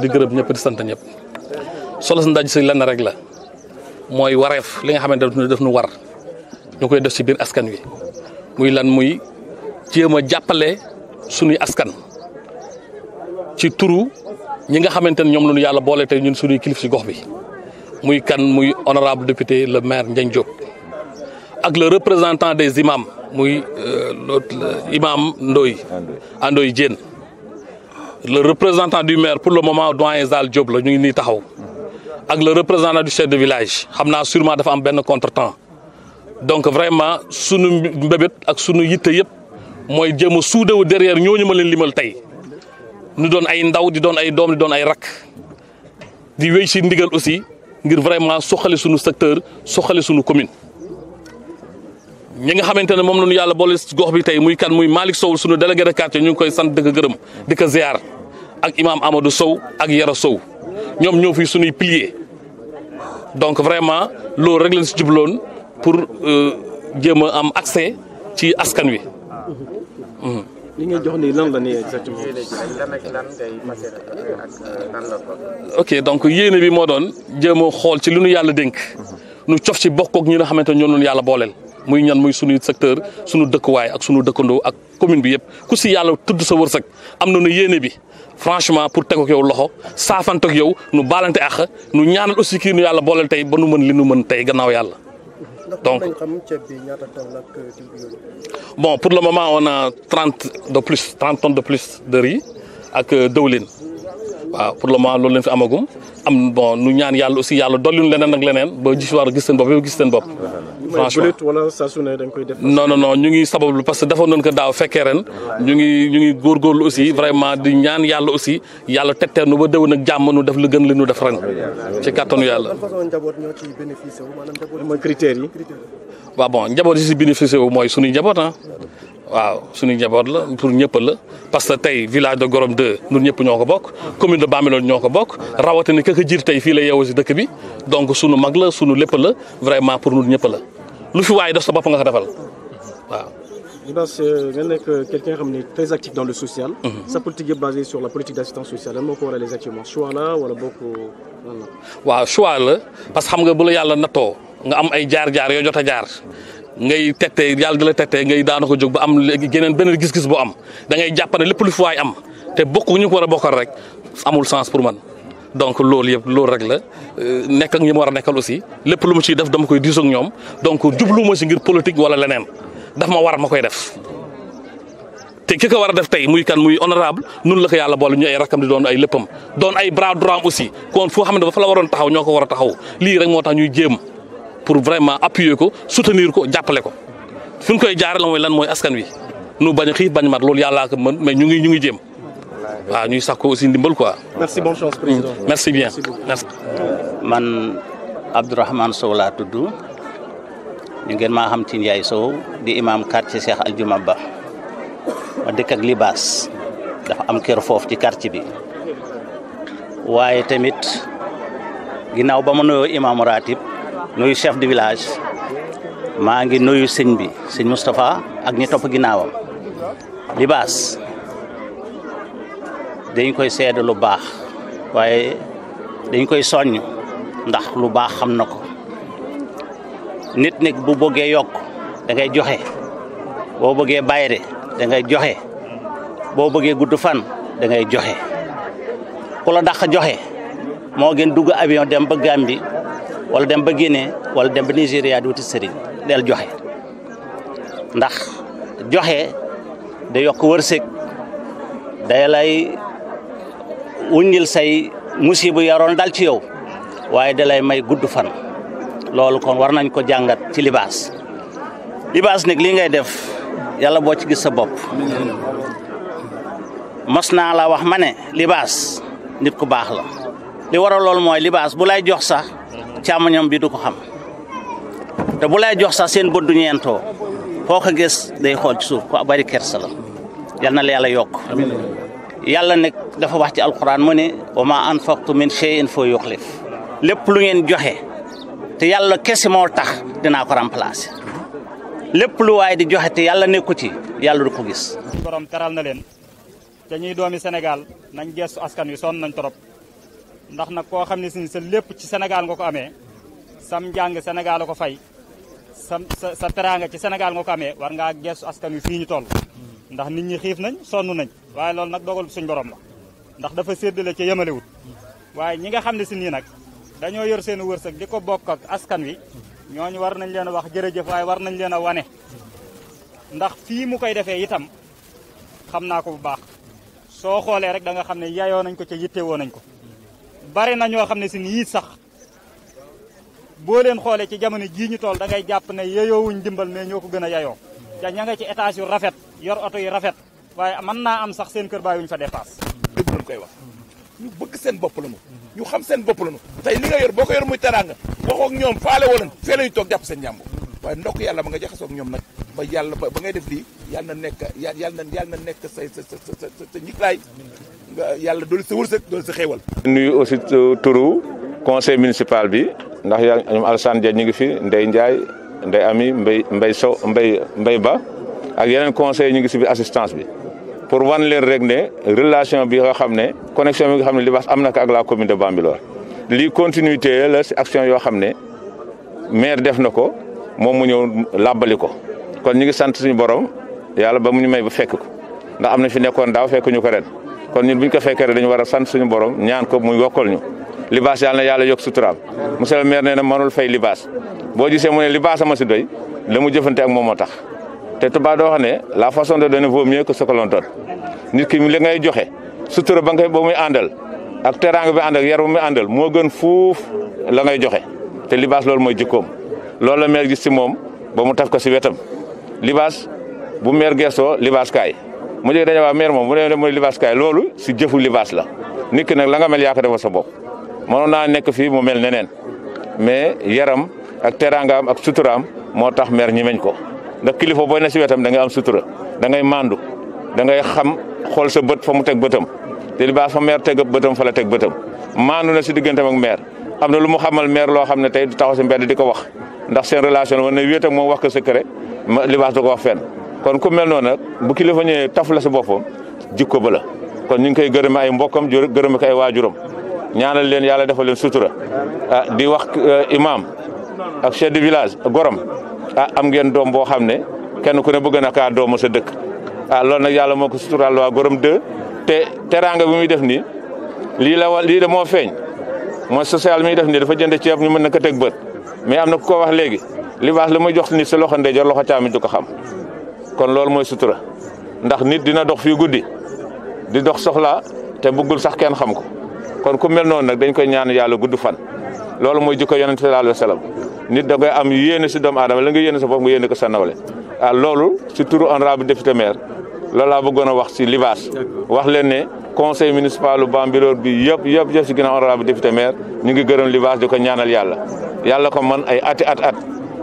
di gërëm ñëpp di sant ñëpp solo si ndaje si rek la mooy wareef li nga xamante ne def nu war ñu koy def si biir askan wi muy lan muy jéem a jàppale suñuy askan ci turu ñi nga xamante ne ñoom la ñu yàlla boole tey ñun suñuy kilif si gox bi muy kan muy honorable député le maire Ndiagne Diop ak le représentant des imams muy euh, imam Ndoye Andoye Diène le représentant du maire pour le moment doyen Zal Diop la ñu ngi nii taxaw ak le représentant du chef de village xam naa sûrement dafa am benn contretemps donc vraiment sunu mbébét ak sunu yitte yëpp mooy jéem a suudewu derrière ñooñu ma leen limal tey nu doon ay ndaw di doon ay doom di doon ay rakk di wéy si ndigal aussi ngir vraiment soxali sunu secteur soxali sunu commune. ñi nga xamante ne moom la ñu yàlla boole gox bi tey muy kan muy Malick Sow sunu délégué de quartier ñu ngi koy sant di gërëm di ko ziar ak imaam Amadou Sow ak Yara Sow ñoom ñëw fi suñuy pilier donc vraiment loolu rek lañ si jubloon pour euh, jéem a am accès ci askan wi. Mhm. li jox nii lan la nii exactement. ok donc yéene bi moo doon jéem a xool ci lu nu yàlla dénk. Mhm. nu cof ci bokk ak ñi nga xamante ne ñoo doon yàlla booleel. muy ñan muy suñu secteur suñu dëkk dëkkuwaay ak suñu dëkkando ak commune bi yëpp ku si yàlla tudd sa wërsëg am na nu yéene bi franchement pour teg ak yow loxo saafante ak yow nu baalante ak nu ñaanal aussi kii nu yàlla booleel tey ba nu mën li nu mën tey gannaaw yàlla donc bon pour le moment on a 30 de plus 30 tonnes de plus de riz ak dëwlin waaw pour le moment loolu lañ fi amagum am bon nu ñaan yàlla aussi yàlla dolliwul leneen ak leneen ba gis war a gis seen bopp yow gis seen bopp. franchement wala saa koy def. non non ñu ngi sabablu parce que dafa noonu ko daaw fekkee ren ñu ngi ñu ngi góorgóorlu aussi vraiment di ñaan yàlla aussi yàlla tegtee nu ba déwén ak jàmm nu def lu gën li nu def ren. ci kattanu yàlla. waaw bon njaboot yi si bénéficié wu mooy suñuy njaboot ah. waaw suñu njaboot la pour ñëpp la parce que tey village de Gorom 2 ñun ñëpp ñoo ko bokk commune de Bambilor ñoo ko bokk rawatina kaka jir jiir tey fii la yow si dëkk bi donc suñu mag la suñu lépp la vraiment pour ñun ñëpp la lu fi waaye def sa bopp nga ko defal waaw. Ibas euh, nga nekk euh, quelqu'un xam ne très actif dans le social. Mhm. sa politique est basée sur la politique d'assistance sociale lan moo les actions exactement choix la wala boo ko waaw choix la parce que xam nga bu la yàlla nattoo nga am ay jaar-jaar yoo jot a jaar. ngay tettee yàlla di la tettee ngay daana ko jóg ba am geneen beneen gis-gis boo am dangay ngay lépp lu fi waay am te bokk ñu ko war a bokkal rek amul sens pour man. donc lool yëpp loolu rek la euh, nekk ak ñi ma war a nekkal aussi lépp lu mu ciy def dama koy diisoo ñoom donc jubluwuma si ngir politique wala leneen daf ma war a ma koy def. te ki ko war a def tey muy kan muy honorable nun la ko yàlla boole ñu ay rakam di doon ay léppam doon ay bras droit aussi kon foo xam ne dafa la waroon taxaw ñoo ko war a taxaw lii rek moo tax ñuy jéem. pour vraiment appuyer ko soutenir ko jàppale ko fi ñu koy jaarale mooy lan mooy askan wi nu bañ a xiif bañ mat loolu yàllaa ko mën mais ñu ngi ñu ngi jéem waaw ñuy sax ko aussi ndimbal quoi. merci bonne chance président. Mm. merci bien merci. man Abdourahmane Sow laa tudd ñu ngeen maa xam ci Ndiaye Sow di imam quartier Cheikh Aldiouma Ba ma dëkk ak Libaas dafa am kër foofu ci quartier bi waaye tamit ginnaaw ba ma nuyoo imam ratib nuyu chef de village maa ngi nuyu sëñ bi sëñ Moustapha ak ñi topp ginnaawam libaas dañ koy seede lu baax waaye dañ koy soññ ndax lu baax xam na ko nit nag bu bëggee yokk da ngay joxe boo bëggee bayre dangay joxe boo bëggee gudd fan da ngay joxe ku la dàq joxe moo gën dugg avion dem ba Gàmbi wala dem ba Guinée wala dem ba Nigeria di wuti del joxe ndax joxe day yok wërsëg day lay wuññil say musibu yaron dal ci yow waye dalay may guddu fan lolou kon war nañ ko jangat ci libas libas nek li ngay def yalla bo ci gis sa wahmane, masna la wax mané libas, nit ku bax la li waral lol moy libas bu lay jox sax chamanyam bi du ko xam te bu lay jox sax seen bët du ñeentoo foo ko gis day xol ci suuf ko bari kersala la na la yalla yok yalla nek dafa wax ci alquran mo ne wa ma anfaqtu min shay'in fa yukhlif lepp lu ngeen joxe te yalla kesse mo tax dina ko remplacer lepp lu way di joxe te yalla nekku ci yalla du ko gis borom teral na len te ñi doomi senegal nañ gesu askan wi son nañ torop ndax nag koo xam ne si sa lépp ci senegal nga ko amee sam njàng Sénégal la ko fay sam sa sa teraanga ci Sénégal nga ko amee war ngaa gestu askan wi fii ñu toll ndax nit ñi xiif nañ sonn nañ waaye loolu nag dogal suñ borom la ndax dafa séddale ci yemalewut waaye ñi nga xam ne si nii nag dañoo yor seen wërsëg di ko bokk ak askan wi ñooñu war nañ leen a wax jërëjëf waaye war nañ leen a wane ndax fii mu koy defee itam xam naa ko bu baax soo xoolee rek da xam ne yayoo nañ ko ca yittewoo nañ ko bari na ñoo xam ne si nii sax boo leen xoolee ci jamono jii ñu toll da ngay jàpp ne yeyoowuñ dimbal mais ñoo ko gën a yayoo ca ña nga ci étage yu rafet yor oto yu rafet waaye mën naa am sax seen kër yu ñu fa dépasse dëgg lañ koy wax ñu bëgg seen bopp la ñu ñu xam seen bopp la nu tey li nga yor boo ko yor muy teraanga waxoo ñoom faale woon fee la toog jàpp seen jàmbur waaye ndokk yàlla ba nga jaxasoo ak ñoom nag ba yàlla ba ngay def lii yàlla na nekk yàlla na yàlla na nekk say sa sa sa sa njiglaay yalla dool sa wursak dool sa xewal nuyu aussi turu conseil municipal bi ndax ya ñu alsan Dia ñi ngi fi ndey Ndiaye ndey Ami mbey mbey so mbey mbey Ba ak yeneen conseil ñi ngi ci assistance bi pour wan leen rek ne relation bi nga xamne connexion bi nga xamne li bass amna ak la commune de Bambilor Li continuité la si action yo xamne maire def nako mom mu ñew làbbali ko kon ñi ngi sante suñu borom yalla ba mu ñu may ba fekk ko ndax amna fi nekkon daaw fekk ñu ko kon ñun bu ñu ko fekkee rek dañu war a sant suñu borom ñaan ko muy wokkal ñu libaas yàlla na yàlla yokk suturaal monsieur le maire nee na mënul fay libaas boo gisee mu ne libaas ama si doy la mu jëfante ak moom moo tax te tubaab doo xam ne la façon de donner vaut mieux que ce que nit ki la ngay joxe sutura ba nga ba muy àndal ak teraanga bi ànd ak yar bu muy àndal moo gën fuuf la ngay joxe te libaas loolu mooy jikkoom loolu la maire gis si moom ba mu taf ko si wetam libaas bu maire geesoo libaas kaay mu jógee dañu waa maire moom mu ne mooy libaas kaay loolu si jëfu libaas la nit ki nag la nga mel yaa ko defal sa bopp mënoon naa nekk fii moo mel neneen mais yaram ak teraangaam ak suturaam moo tax maire ñi ko ndax kilifa booy ne si wetam da ngay am sutura da ngay mandu da ngay xam xool sa bët fa mu teg bëtam te libaas fa maire teg bëtam fa la teg bëtam maandu na si digganteem ak maire am na lu mu xamal maire loo xam ne tey du taxaw si mbedd di ko wax ndax seen relation war na wéet moom wax ko secret libaas da ko wax fenn kon ku mel noonu nag bu kilifa ñëwee taf la si boppam jikko ba la kon ñu ngi koy gërëm ay mbokkam gërëm ko ay waajuram ñaanal leen yàlla defal leen sutura a ah, di wax eh, imam a chef de village gorom a ah, am ngeen doom boo xam ne kenn ku ne bëgg na kaa doomu sa dëkk ah loolu nag yàlla moo ko suturaal waa gorom 2 te teraanga bi muy def nii lii la wa lii la moo feeñ mooy social mi def nii dafa jënd ceeb ñu mën na ko teg bët mais am na ku ko wax léegi li baax la muy jox nit sa loxo ndeyjoor loxo càmmiñ du ko xam kon loolu mooy sutura ndax nit dina dox fii guddi di dox soxla te bëggul sax kenn xam ko kon ku mel noon nag dañ koy ñaan yàlla gudd fan loolu mooy jikko yonent sallallahu alayhi wa sallam nit da ngay am yéene si doomu aadama la nga yéene sa bopp nga yéene ko sa nawle ah loolu si turu honorable maire loolu laa bëggoon a wax si Libaas wax leen ne conseil municipal Bambilor bi yëpp yëpp yëpp si ginnaaw honorable député maire ñu ngi gërëm Libaas di ko ñaanal yàlla yàlla ko man ay ati at at